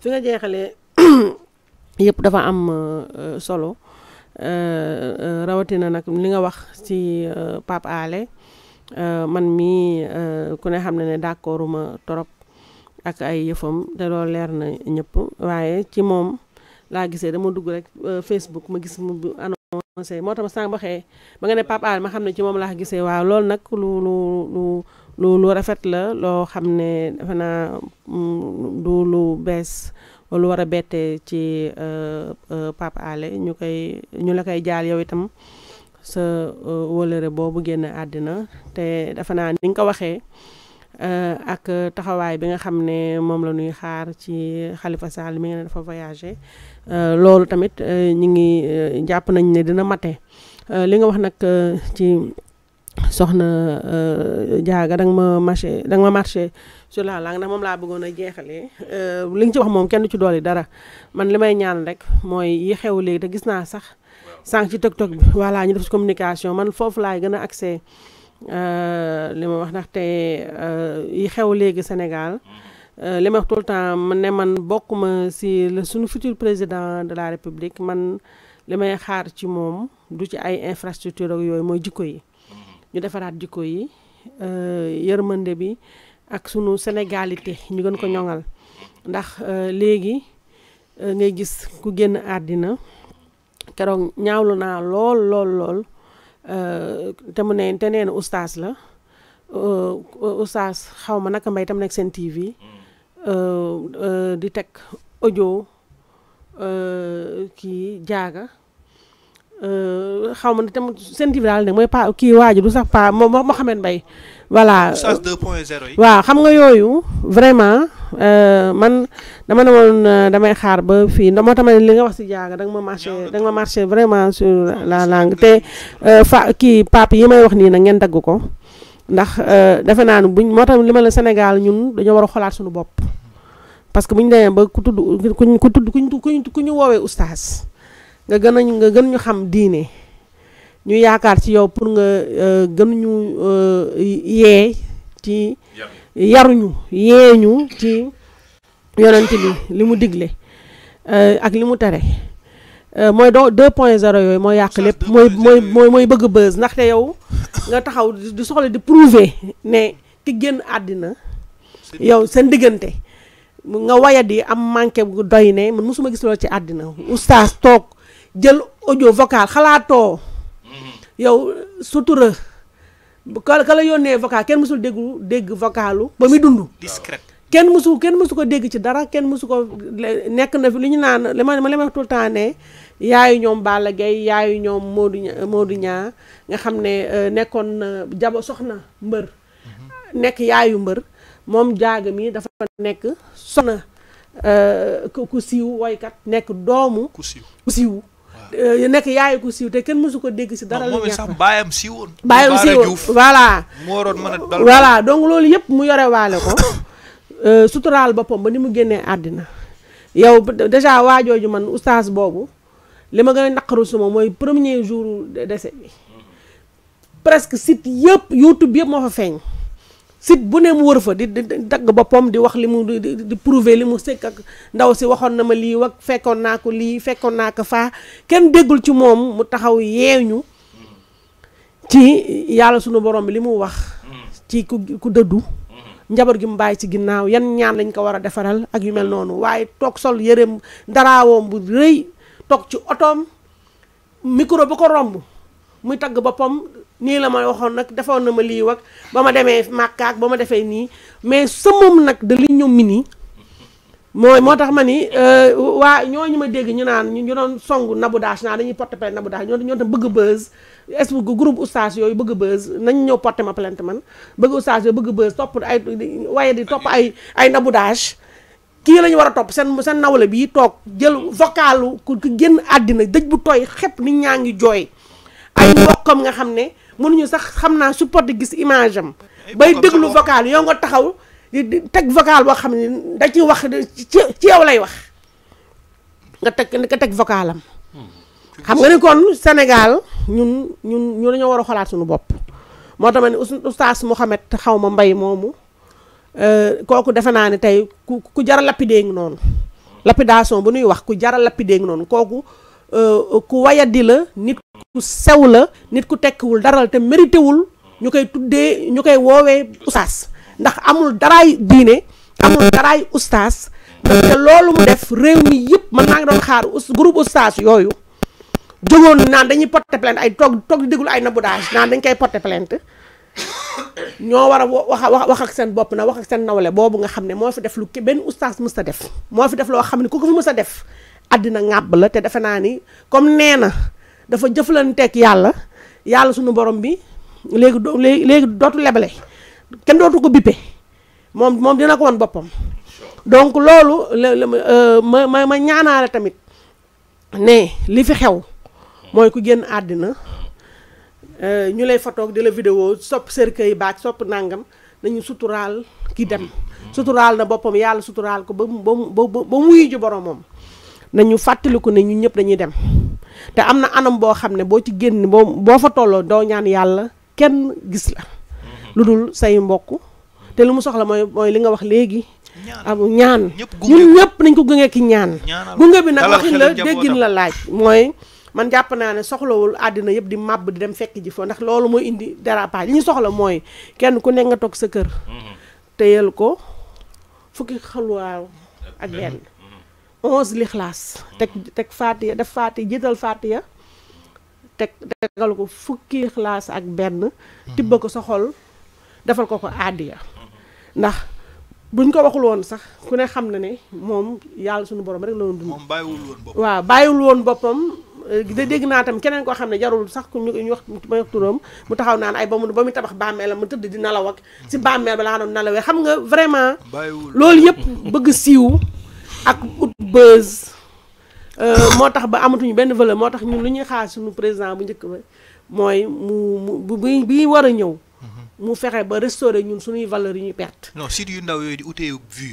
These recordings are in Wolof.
fi nga jeexalee yëpp dafa am euh, solo euh, euh, rawatina nag li nga wax ci Pape Alé man mii ku ne xam ne ne d'accorduma torop ak ay yëfam te loolu leer na ñëpp waaye ci moom laa gisee dama dugg rek Facebook ma gis mu annoncé moo tax ma sànq waxee ba nga ma xam ne ci moom laa gisee waaw loolu nag lu lu lu lu lu rafet la loo xam ne dafa naa mm, du lu bees lu war a bette ci euh, euh, Pape ñu koy ñu la koy jaal yow itam sa euh, wóllëre boobu génn àddina te dafa naa ni nga ko waxee ak taxawaay bi nga xam ne moom la ñuy xaar ci xalifa Sall mi nga dafa voyagé loolu tamit ñu ngi jàpp nañ ne dina mate li nga wax nag ci soxna jaaga euh, danga ma marché danga ma marché sur la langue ndax moom laa bëggoon a jeexalee euh, li nga ci wax moom kenn ci doole dara man li may ñaan rek mooy yi xew léegi te gis naa sax sànq ci TikTok bi voilà ñu def ci communication man foofu laay gën a accès euh, li ma wax ndaxte yi xew léegi Sénégal li ma wax tout temps man ne man bokkuma si le suñu futur président de la république man li may xaar ci moom du ci ay infrastructure ak yooyu mooy jikko yi ñu defaraat jikko yi euh, yërmande bi ak sunu sénégalité ñu gën ko ñoŋal ndax euh, léegi euh, ngay gis ku génn àddina keroog ñaawlu naa lool lool lool te mu ne te nee na la ustaas xaw ma naka mbay tam nekk seen TV mm. di teg audio kii jaaga Euh, xaw ma ne tam seen TV daal ne mooy pa kii waaju du sax pa moo Mouhamed Mbaye voilà waaw xam nga yooyu vraiment euh, man dama ne woon euh, damay xaar ba fii moo tax li nga wax si jaaga danga ma marché danga ma vraiment sur la langue te fa kii pape yi may wax nii nag ngeen dagg ko ndax defe naa ne buñ moo tax li ma la Sénégal ñun dañoo war a xolaat suñu bopp parce que bu ñu demee ba ku tudd ku tudd ku ñu ku ñu woowee oustaz nga gën a nga gën ñu xam diine ñu yaakaar ci yow pour nga euh, gën ñu euh, yee ci yaruñu yeeñu ci yonent bi li mu digle euh, ak li mu tere mooy doo deux point zéro yooyu mooy yàq lépp mooy bëgg bës ndaxte yow nga taxaw di soxla di prouver ne ki génn àddina yow seen diggante nga waya di am manqué bu doy ne man mosuma gis loolu ci àddina oustaz toog jël ojo vocal xalaatoo mm-hmm. yow sutura ka ka la yónnee vocal kenn mësul déggu dégg vocalu ba muy dund kenn mësu kenn mësu ko dégg ci dara kenn mësu ko nekk na fi li ñu naan li ma li ma temps ne yaayu ñoom Balla Gaye yaayu ñoom Modou Modou Niang nga xam ne euh, nekkoon jabo soxna mbër mm-hmm. nekk yaayu mbër moom jaaga mii dafa nekk soxna euh, ku siiw woykat nekk doomu ku siiw Euh, nekk yaay ko siiw te kenn mësu ko dégg si dara. lu ñàkk baayam siiwoon. baayam siiwoon voilà. moo waroon mën voilà donc loolu yëpp mu yore waale ko euh, suturaal boppam ba ni mu génnee àddina. yow dèjà waajooju man oustaz boobu li ma gën a naqaru suma mooy premier jour décès presque site yëpp youtube yëpp moo fa feeñ. sit bu ne mu wër fa di dagg boppam di wax li mu di prouver li mu sëkk ak ndaw si waxoon na ma lii wax fekkoon naa ko lii fekkoon naa ko faa kenn déggul ci moom mu taxaw yee ñu ci yàlla sunu borom bi li mu wax ci ku ku dëddu njaboot gi mu bàyyi ci ginnaaw yan ñaan lañ ko war a defaral ak yu mel noonu waaye toog sol yëreem daraawoom bu rëy toog ci otoom mikro bu ko romb muy tagg boppam nii la ma waxoon nag defoon na ma lii wak ba ma demee màkkaak ba ma defee nii mais sa nag de li ñu mini mooy moo tax ma ni euh, waa ñooñu ma dégg ñu naan ñu doon song Nabou Dash dañuy porter plainte Nabou Dash ñoo ñoo tam bëgg buzz est ce que groupe yooyu bëgg buzz nañ ñëw porter ma plainte man bëgg bëgg buzz topp ay waaye di topp ay ay Nabou kii la ñu war a topp seen seen nawle bii toog jël vocalu ku génn àddina dëj bu tooy xepp nit ñaa ngi jooy ay nga xam ne mënuñu sax xam naa support di gis image am bay déglu vocal yoo nga taxaw teg vocal boo xam ne da ci wax ci yow lay wax nga teg nga teg vocalam hmm. xam nga ni kon Sénégal ñun ñun ñu dañoo war a xolaat suñu bopp moo tax ma ne oustaz Mouhamed xaw ma mbay moomu euh, kooku defe naa ne tey ku ku jara lapidé ngi noonu lapidation bu nuy wax ku jara lapidé ngi noonu kooku euh, ku wayadi la nit sew la nit ku tekkiwul dara la te méritéwul ñu koy tuddee ñu koy woowee ustaas ndax amul daraay diine amul daraay ustaas te loolu mu def réew mi yëpp man maa ngi doon xaar groupe ustaas yooyu jógoon naan dañuy porte plainte ay toog toog di déglu ay nabudage naan dañ koy porter plainte ñoo war a wax wax ak seen bopp na wax ak seen nawle boobu nga xam ne moo fi def lu benn ustaas mës sa def moo fi def loo xam ne ku ko fi mës a def àddina ŋàbb la te defe naa ni comme nee na dafa tekk yàlla yàlla suñu borom bi léegi do léegi dootu lebale kenn dootu ko bippe moom moom dina ko wan boppam donc loolu ma ma ma ñaanaale tamit ne li fi xew mooy ku génn àddina euh, ñu lay fotoog di la vidéo sopp cercueil baak sopp nàngam nañu suturaal ki dem suturaal na boppam yàlla suturaal ko ba mu ba mu ba nañu fàttaliku ne ñun ñëpp dañuy dem te am na anam boo xam ne boo ci génn boo boo fa tolloo doo ñaan yàlla kenn gis la mhm. lu dul say mbokk te lu mu soxla mooy li nga wax léegi amu ñaan ñun ñëpp nañ ko gunge ki ñaan gunge bi nag waxin la déggin la laaj mooy man jàpp naa ne soxlawul àddina yëpp di màbb di dem fekk ji fa ndax loolu mooy indi dérapage li ñu soxla mooy kenn ku nekk nga toog sa kër mhm. téyal ko fukki xalwaaw ak benn onze lixlaas teg teg ya def faatiya jiital ya teg tegal ko fukki lixlaas ak benn mhm. tibb ko sa xol defal ko ko àddiya ndax buñ ko waxul woon sax ku ne xam na ne moom yàlla suñu borom rek la doon dund moom bàyyiwul woon boppam waaw woon boppam da dégg naa tam keneen koo xam ne jarul sax ku ñu wax may wax turam mu taxaw naan ay ba mu ba muy tabax bàmmeelam mu tëdd di nalaw ak si bàmmeel ba laa doon nalawee xam nga vraiment loolu yépp bëgg siiw ak ut buzz euh, moo tax ba amatuñu benn valeur moo tax ñun lu ñuy xaar suñu président bu njëkk ba mooy mu mu bi bi war a ñëw. Mhm. mu fexe ba restaurer ñun suñuy valeur yi ñuy perte. non site yu ndaw yooyu di utee vue.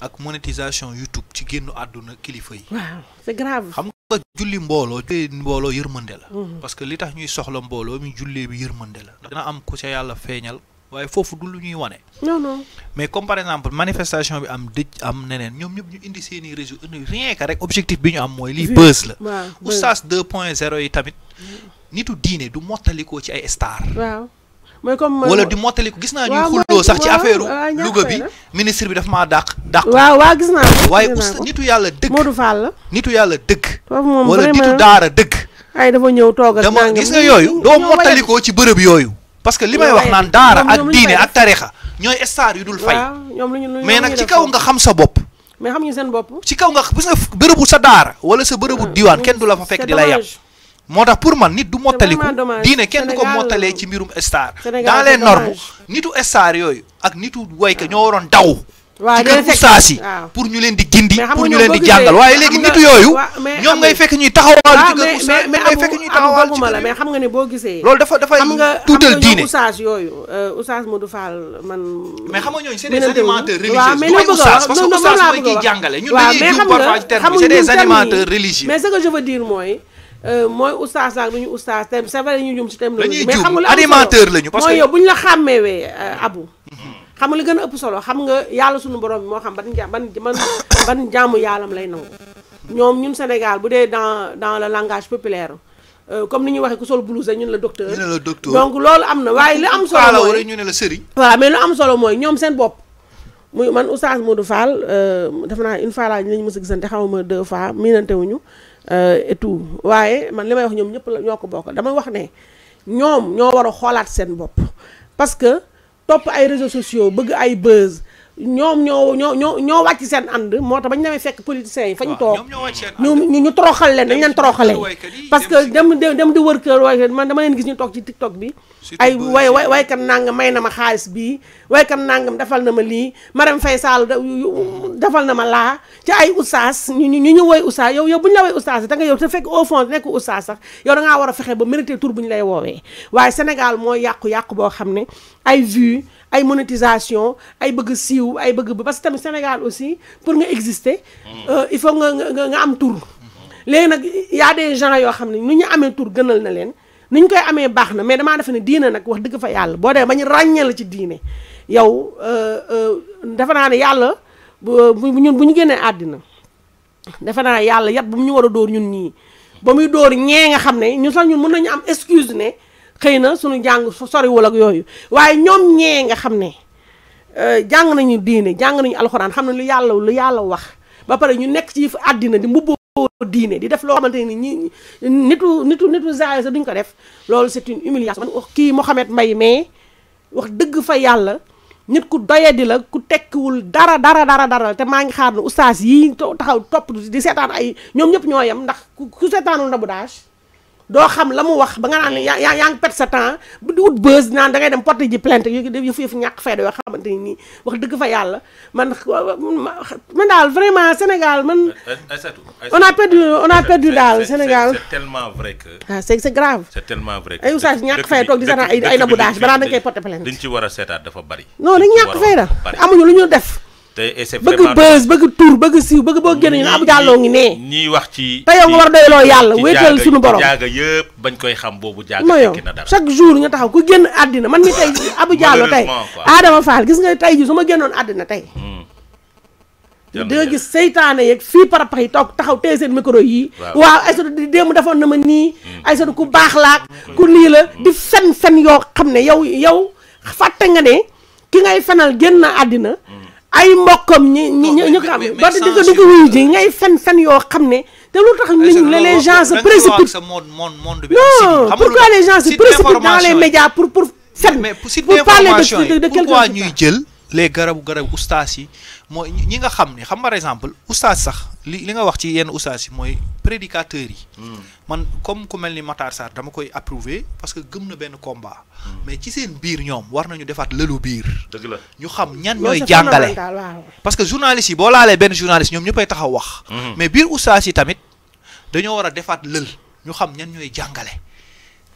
ak monétisation YouTube ci génnu àdduna kilifa yi. waaw c'est grave. xam nga julli mbooloo julli mbooloo yërmande la. Mhm. parce que li tax ñuy soxla mbooloo mi jullee bi yërmande la. ndax dina am ku ca yàlla feeñal. waaye foofu du lu ñuy wane. non mais comme par exemple manifestation bi am dëj am neneen ñoom ñëpp ñu indi seen i réseau indi rien que rek objectif bi ñu am mooy. lii bës la waaw oustaz 2 point 0 yi tamit. nitu diine du mottalikoo ci ay star. waaw mooy wala euh, di mottaliko gis naa ñuy xulloo sax ci affaire Louga bi ministre bi dafa ma dàq dàq waaw waaw gis naa waaye oustaz nitu yàlla dëgg Modou Fall la nitu yàlla dëgg wala nitu daara dëgg ay dafa ñëw toog ak dama gis nga yooyu doo mottalikoo ci bërëb yooyu parce que li may wax naan daara ak diine ak tarixa ñooy star yu dul fay mais nag ci kaw nga xam sa bopp mais xam ñu seen bopp ci kaw nga bu sa bërëbu sa daara wala sa bërëbu ah, diwaan kenn du la fa fekk di la yàpp moo tax pour man nit du mottaliku diine kenn du ko mottalee ci mbirum star dans les normes nitu star yooyu ak nitu woyka ñoo waroon daw waaw dina fekk saasi pour ñu leen di gindi pour ñu leen di jàngal waaye léegi yooyu ñoom ngay fekk ñuy taxawal ci kër oustaz mais xam nga ne boo gisee loolu dafa dafay tuutal diine oustaz yooyu oustaz euh, Modou Fall man mais xam nga ñooñu c'est des animateurs religieux waaw oustaz parce que oustaz mooy kiy jàngale ñun dañuy jiw parfois ci terme bi c'est des animateurs religieux mais ce que euh, ñu jum ci terme euh, abu xam nga li gën a ëpp solo xam nga yàlla sunu borom bi moo xam ban ban ban ban jaamu yàllam lay nangu ñoom ñun Sénégal bu dee dans dans le langage populaire euh, comme ni ñuy waxee ku solo blouse ñun la docteur donc loolu am na waaye li am solo mooy ñu ne la sëriñ voilà mais am solo mooy ñoom seen bopp muy man oustaz Modou Fall euh, def naa une fois laa ñu lañu mës a gisante xaw ma deux fois miinante wuñu ñu euh, tout waaye man li may wax ñoom ñëpp la ñoo ko bokk dama wax ne ñoom ñoo war a xoolaat seen bopp topp ay réseaux sociaux bëgg ay buzz ñoom ñoo ñoo ñoo ñoo wàcc seen ànd moo tax ba ñu demee fekk politiciens yi fa ñu toog ñu ñu toroxal leen dañ leen toroxale parce que dem dem di wër kër waykat man dama leen gis ñu toog ci tiktok bi ay way way waykat nangam may na ma xaalis bii waykat nangam defal na ma lii Marème Faye Sall defal na ma laa ci ay oustaz ñu ñu ñu woy oustaz yow yow bu ñu la woy oustaz da nga yow te fekk au fond nekk oustaz sax yow da war a fexe ba mérité tur bu ñu lay woowee waaye Sénégal mooy yàqu-yàqu boo xam ne ay vues ay monétisation ay bëgg siiw ay bëgg ba que tamit Sénégal aussi pour nga exister. Mm-hmm. Euh, il faut nga nga nga am tur. Mm-hmm. léegi nag y a des gens yoo xam ne nu ñu amee tur gënal na leen ni ñu koy amee baax na mais damaa defe ne diine nag wax dëgg fa yàlla boo demee ba ñu ràññee la ci diine yow euh, euh, defe naa ne yàlla bu bu ñu génnee àddina defe naa yàlla yat bu mu ñu war a door ñun ñii ba muy dóor ñee nga xam ne ñu sax ñun mun nañu am excuse ne. xëy na suñu jàng soriwul ak yooyu waaye ñoom ñee nga xam ne euh, jàng nañu diine jàng nañu alxuraan xam ne lu yàlla lu yàlla wax ba pare ñu nekk ci yëfu àddina di mbubboo diine di def loo xamante ni ñi nitu nitu nitu zaay duñ ko def loolu c'est une humiliation man kii Mouhamed Mbaye mais wax dëgg fa yàlla nit ku doyadi la ku tekkiwul dara dara dara dara te maa ngi xaar na ustaas yi taxaw topp di seetaan ay ñoom ñëpp ñoo yem ndax ku seetaanul Nabou Dash doo xam la mu wax ba nga naan yaa yaa yaa sa temps bu di wut buzz naan da ngay dem porte ji plainte yu yëfu yëfu ñàkk fayda man man daal vraiment Sénégal man. Euh, euh, on a a perdu daal Sénégal. c'est tellement vrai ah, ñàkk fay toog di seetaan ay ay nabu daaj balaa dañ porte plainte. dañ ci war a seetaat amuñu lu ñu def. te c'est vraiment bëgg bës bëgg tur bëgg siiw bëgg boo génne ñu Abou Diallo ngi nee. ñiy wax ci te yow nga war a doyloo yàlla wéetal suñu borom jaaga xam boobu jaaga fekk na dara chaque jour nga taxaw ku génn àddina man mi tey Abou Diallo tey Adama Fall gis nga tey ji su ma génnoon àddina tey hmm. da nga gis seytaane yeeg fii parapax yi toog taxaw tey seen micro yii waaw Aïssatou di démb defoon na ma nii hmm. Aïssatou ku baax laak hmm. ku lii la di fen fen yoo xam ne yow yow fàtte nga ne ki ngay fenal génn na àddina ay mbokkam ñi ñi ñu xam ba di ko di ji ngay fen fen yoo xam ne te lu tax ñu les gens non pourquoi les gens dans les médias pour pour fen pour parler de de quelque chose les garabu garabu ustaas yi mooy ñi nga xam ne xam par exemple ustaas sax li li nga wax ci yenn ustaas yi mooy prédicateurs yi. Hmm. man comme ku mel ni Matar Sarr dama koy approuver parce que gëm na benn combat. Hmm. mais ci seen biir ñoom war nañu defaat lëlu biir. dëgg la ñu xam ñan ñooy jàngale. parce que journaliste yi boo laalee benn journaliste ñoom ñëppay taxa wax. Hmm. mais biir ustaas yi tamit dañoo war a defaat lël ñu xam ñan ñooy jàngale.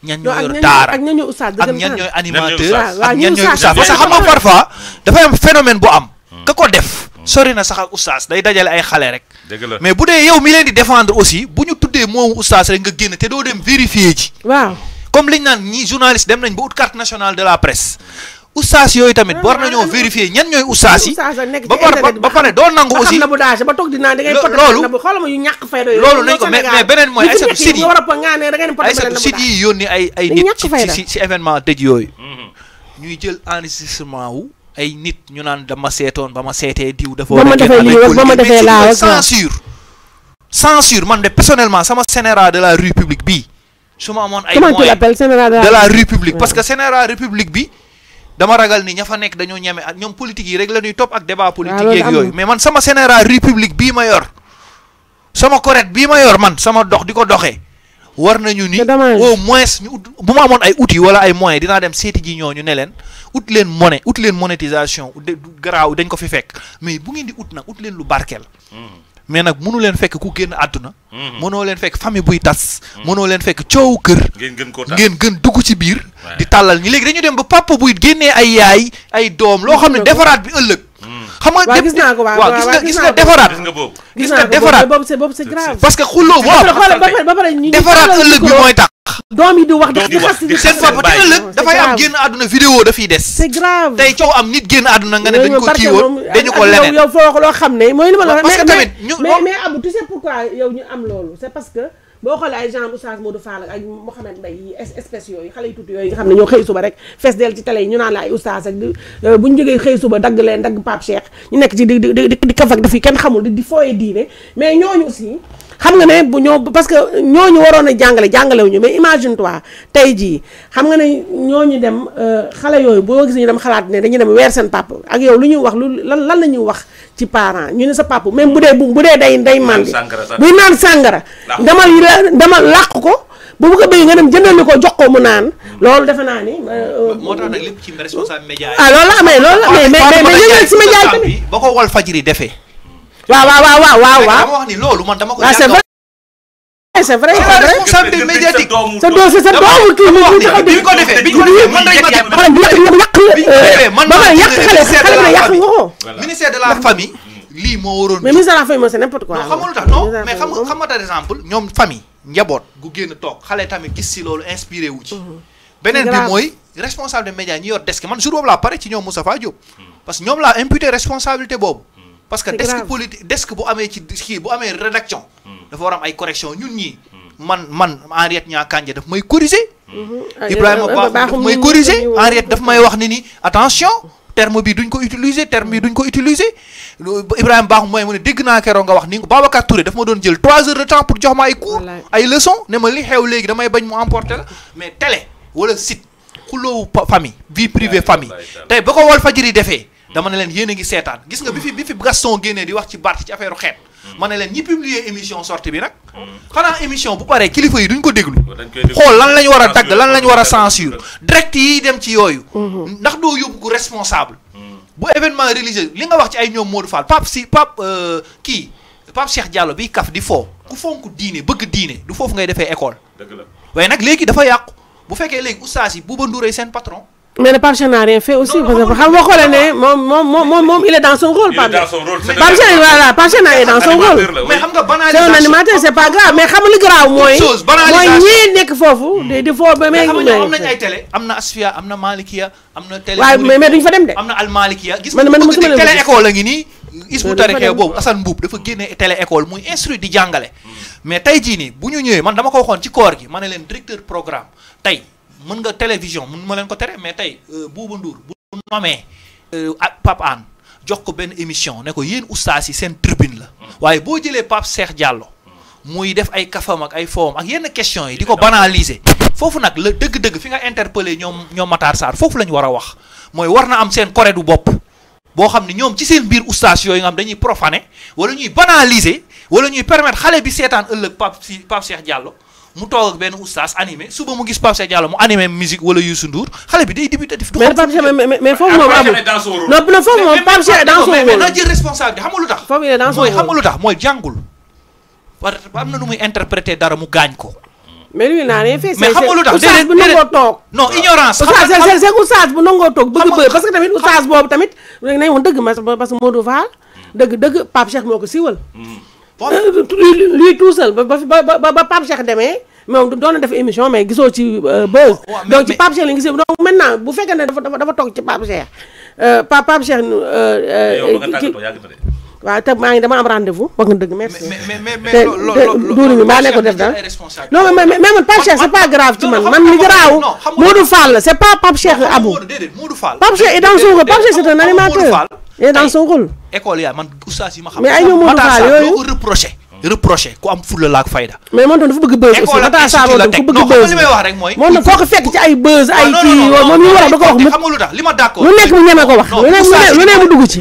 ñan ñoo yor daara ak ñan ñoo ustaas ak ñan ñooy animateur ak ñan ñooy ustaas parce xam nga parfois dafay am phénomène bu am hmm. ka ko def hmm. sori na sax ak ustaas day dajale ay xale rek mais bu dee yow mi leen di défendre aussi bu ñu tuddee moomu ustaas rek nga génn te doo dem vérifier ji waaw comme liñ naan ñi journaliste dem nañ ba ut carte nationale de la presse oustaz yooyu tamit ah, war nañoo vérifier ñan ñooy oustaz yi ba pare ba pare doo nangu aussi ba loolu nañ ko mais mais beneen mooy ay satu site yi ay satu site yi yónni ay yooyu mhm. ñuy jël enregistrement wu ay nit ñu naan dama seetoon ba ma seetee diw dafa war a defee censure censure man de personnellement sama sénéra de la république bi su ma amoon ay moyens de la république parce que sénéra république bi dama ragal ni ña fa nekk dañoo ñeme ñoom politique yi rek lañuy topp ak débat ah, politique yeeg yooyu mais man sama général république bii ma yor sama correct bii ma yor man sama dox di ko doxee war nañu ni au moins ñu ut bu ma amoon ay outils wala ay moyens dinaa dem seeti ji ñu ne leen ut leen monnaie ut leen monétisation garaaw dañ ko fi fekk mais bu ngeen di ut nag ut leen lu barkeel hmm. mais nag mënu leen fekk ku génn àdduna. Mhm. mënoo leen fekk famille buy tas. Mhm. mënoo leen fekk coow kër. ngeen gën koo ngeen gën dugg ci biir. di tàllal ñi léegi dañu dem ba papa buy génnee ay yaay ay doom loo xam ne defaraat bi ëllëg. Mhm. xam nga gis naa ko waaw gis nga gis defaraat. gis que xuloo waaw defaraat ëllëg bi mooy tax. doom yi di wax dafay am génn àdduna vidéo dafiy des c'est grave tey coow am nit génn àdduna nga ne dañ ko kii woon dañu ko leneen yow foo wax loo xam ne mooy li ma la wax parce que tamit ñu mais mais Abou tu sais yow ñu am loolu c'est parce que boo xoolee ay genre Oustaz Modou Fall ak ay Mouhamed Mbaye yi espèce yooyu xale yu tuuti yooyu nga xam ne ñoo xëy suba rek fees del ci télé yi ñu naan la ay oustaz euh, bu ñu jógee xëy suba dagg leen dagg Pape Cheikh nekk ci di xamul di di fooye diine mais xam nga ne bu ñoo parce que ñu waroon a jàngale ñu mais imagine toi tey jii xam nga ne ñoo ñu dem euh, xale yooyu boo gis ñu dem xalaat ne dañu dem weer seen papa ak yow lu ñuy wax lu lan lan la ñuy wax ci parent ñu ne sa papa même bu dee bu dee day day màndi buy naan sàngara dama dama làq ko bu bëgg a béy nga dem jëndal ni ko jox ko mu naan. Hmm. loolu defe naa ni. Euh, moo tax nag lépp ci responsable média yi. ah loolu la amee loolu la amee mais mais mais yëngal si média tamit. defee. waaw waaw waaw waaw waaw. dama wax ni loolu man dama ko. waaw c'est vrai c'est vrai c'est vrai. responsabilité médiatique. sa doom si sa doomu kii bi ñu taxaw di. biñ ko defee biñ ko defee man day ma dem. man ma yàq xale xale bi yàq nga ko. ministère de la famille. lii moo waroon. mais ministère de la famille mooy c'est n'importe quoi. non xam nga lu tax non mais xam nga xam nga par exemple ñoom famille. njaboot gu génn toog xale tamit gis si loolu inspiré wu ci. Mhm. beneen bi mooy responsable de média ñi yor desk man jour boobu laa pare ci ñoom Moustapha Diop. Mhm. parce que ñoom laa imputé responsabilité boobu parce que desk politique desk bu amee ci kii bu amee rédaction. dafa war ay correction ñun ñii. man man Henriette Niang Kandji daf may corriger. Mm-hmm. Ah, Ibrahima Ba daf may daf may wax ni ni attention. terme bi duñ ko utiliser terme bi duñ ko utiliser Ibrahima Baaxum mooy mu ne dégg naa keroog nga wax ni Babacar Touré daf ma doon jël 3 heures de temps pour jox ma ay cours ay leçons ne ma li xew léegi damay bañ mu emporter la mais télé wala site xuloowu famille vie privée famille tey ba ko Walfadjri defee. dama ne leen yéen a ngi seetaan gis nga bi fi bi fi Gaston génnee di wax ci Barth ci affaire xeet ma ne leen ñi publier émission sortie bi nag xanaa émission bu paree kilifa yi duñ ko déglu xool lan lañ war a dagg lan lañ war a censure direct yi dem ci yooyu mhm. ndax doo yóbbu ku responsable mhm. bu événement religieux li nga wax ci ay ñoom Modou Fall Pape si Pape euh, kii Pape Cheikh Diallo biy kaf di foo ku fonk diine bëgg diine du foofu ngay defee école waaye nag léegi dafa yàqu bu fekkee léegi oustaz yi Bouba Ndour seen patron mais Pape Cheikh n'a rien fait aussi parce que xam nga xoolee ne moom moom moom moom il est dans son rôle. Pape Cheikh voilà Pape Cheikh naa dans son rôle. mais xam nga banalisation c'est un animateur c'est pas grave mais xam li grave mooy. mooy ñii nekk foofu. Hmm. di di foofu ba mais xam nga am nañ ay télé. am na Asfia am na Malikia am na. télé waaw mais mais duñ fa dem de. am na Al Malikia gis nga bëgg de télé école la ngi nii. ismu tarixee boobu Assane Mbuub dafa génne télé école muy instruit di jàngale mais tey jii nii bu ñu ñëwee man dama ko waxoon ci koor gi ma ne leen directeur programme tey mën nga télévision mën ma leen ko tere mais tey euh, Bouba Ndour bu nomee euh, ak Pape Hann jox ko benn émission ne ko yéen ustaas yi seen tribune la mm. waaye boo jëlee Pape Cheikh Diallo mm. muy def ay kafam ak ay foom ak yenn question yi di ko banaliser foofu nag la dëgg-dëgg fi nga interpellé ñoom ñoom Matar Sarr foofu la ñu war a wax mooy war na am seen koré du bopp boo xam ne ñoom ci seen biir ustaas yooyu nga xam dañuy profané wala ñuy banaliser wala ñuy permettre xale bi seetaan ëllëg Pape si Pape Cheikh mu toog ak benn oustaz animé suba mu gis Pape Cheikh Diallo mu animé musique wala Youssou Ndour xale bi day débuté def. du mais foofu moom amul non non mooy xam nga na nu muy interpréter dara mu gaañ ko. mais lui naa ne fii. mais xam nga bu nangoo toog. bëgg bëgg parce que tamit oustaz boobu tamit nañ woon dëgg parce que Modou Fall dëgg dëgg Pape Cheikh moo ko siiwal hmm. Euh, euh, luy tuusal ba ba ba ba Pape Cheikh demee moom doon def émission mais gisoo ci euh, buzz donc ci Pape Cheikh la ñu gisee donc maintenant bu fekkee ne dafa dafa dafa toog ci Pape Cheikh te maa ngi dama am rendez-vous wax nga dëgg merci. mais mais mais loolu mi maa nekk ko def daal. non mais mais man Pape Cheikh c'est pas grave ci man man li garaaw. Modou Fall c'est pas Pape Cheikh Abou. Pape Cheikh est dans son Pape Cheikh c'est un animateur. mais eh, dans son rôle ay ñoom Modou Fall yooyu doo ko am fulla la fayda. mais moom dafa bëgg buzz aussi bëgg buzz li may wax rek mooy. moom nag foo ko fekk ci ay buzz ay kii moom mi wax da wax. xam nga lu mu ñeme ko wax. lu ne mu dugg ci.